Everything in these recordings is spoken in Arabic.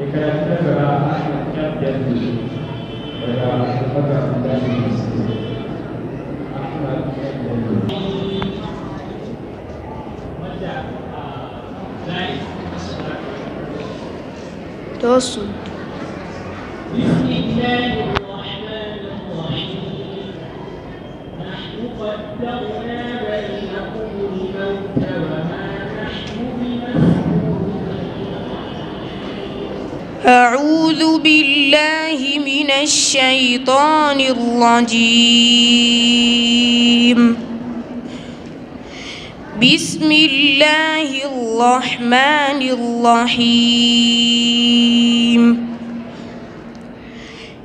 e care ar putea căra chiar chiar de și era și poate ar putea să nu se Dosu. Bismillahirrahmanirrahim. Nahnu qaddamna أعوذ بالله من الشيطان الرجيم بسم الله الرحمن الرحيم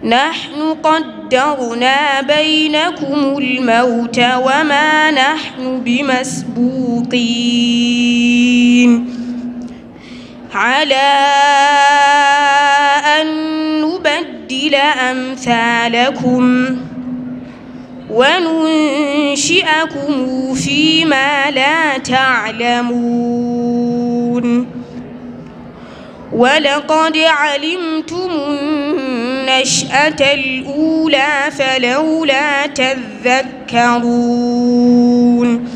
نحن قدرنا بينكم الموت وما نحن بمسبوقين على نبدل أمثالكم وننشئكم فيما لا تعلمون ولقد علمتم النشأة الأولى فلولا تذكرون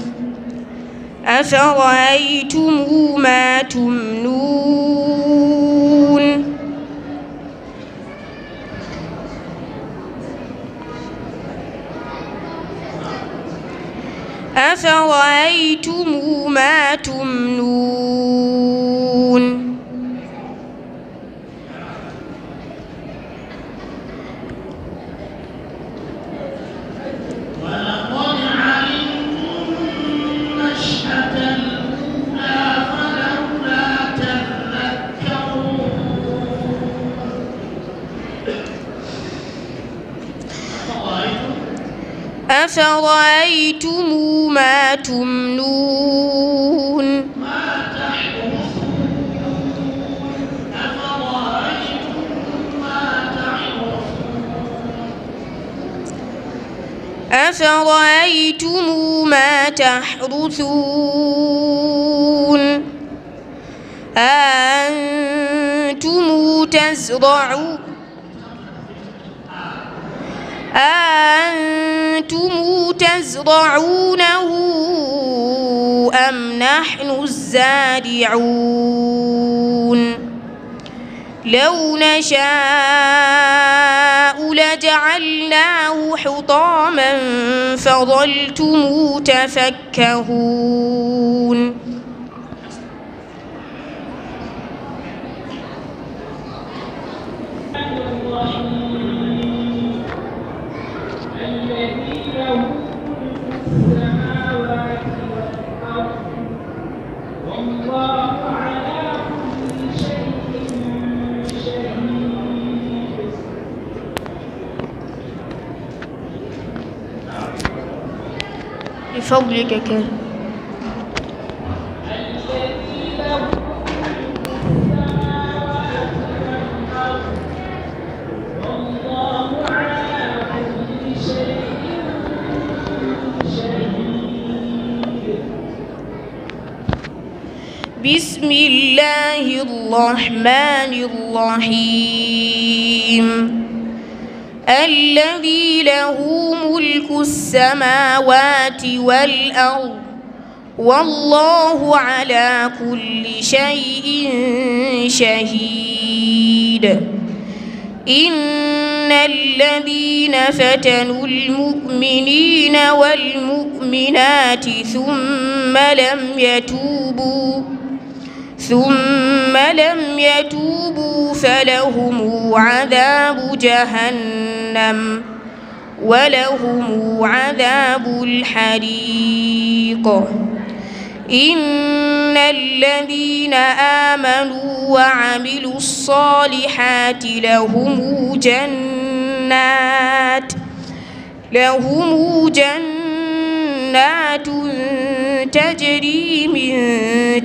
أفرأيتم ما تمنون أفرأيتم ما تمنون نشأة الأولى فلولا تذكرون أفرأيتم تمنون أفرأيتم ما تحرثون أنتم تزرعون أنتم تزرعونه نحن الزارعون لو نشاء لجعلناه حطاما فظلتم تفكهون بفضلك كريم بسم الله الرحمن الرحيم الذي له ملك السماوات والأرض والله على كل شيء شهيد إن الذين فتنوا المؤمنين والمؤمنات ثم لم يتوبوا ثم ثم لم يتوبوا فلهم عذاب جهنم ولهم عذاب الحريق إن الذين آمنوا وعملوا الصالحات لهم جنات لهم جنات تجري من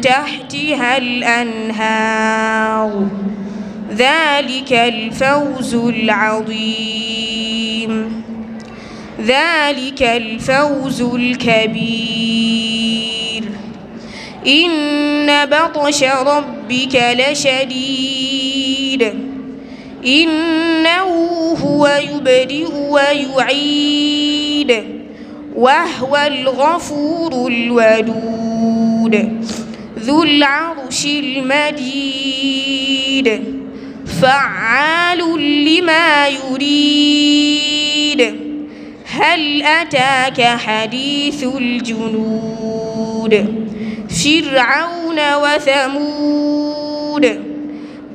تحتها الأنهار ذلك الفوز العظيم ذلك الفوز الكبير إن بطش ربك لشديد إنه هو يبدئ ويعيد وهو الغفور الودود ذو العرش المجيد فعال لما يريد هل أتاك حديث الجنود فرعون وثمود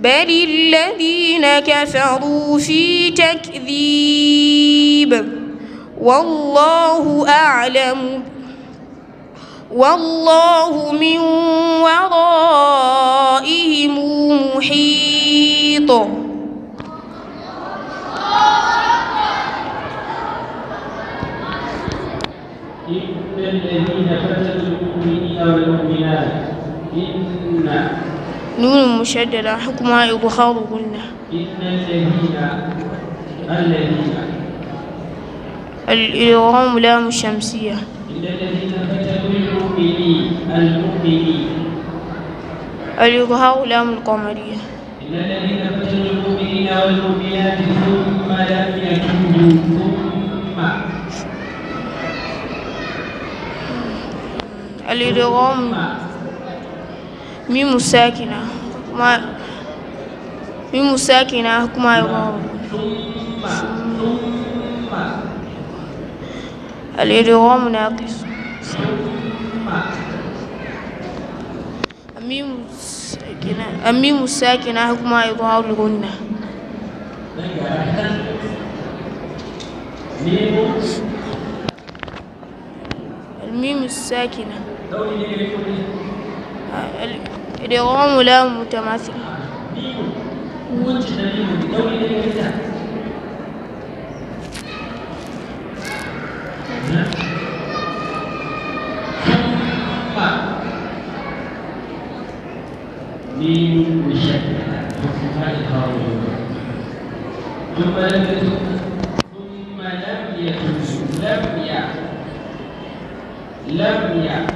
بل الذين كفروا في تكذيب والله أعلم والله من ورائهم محيط إن الذين فتنوا المؤمنين والمؤمنات إن نون مشددة حكمها إظهار إن الذين الذين الإلغام لام شمسية الذين المؤمنين الإظهار لام القمرية إلا الذين المؤمنين والمؤمنات ثم ثم ميم ساكنة ما ميم ساكنة كما يقال ثم الإدغام ناقص أميم الساكنة أميم الساكنة حكم إظهار الغنة الميم الساكنة الإدغام لا متماثل الدين والشكل هارون ثم لم ثم لم يتوب لم يع لم يع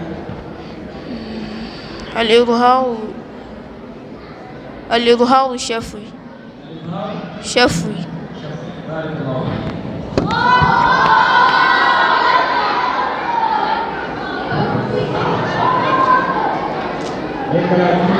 الإظهار الإظهار الشفوي شفوي بارك الله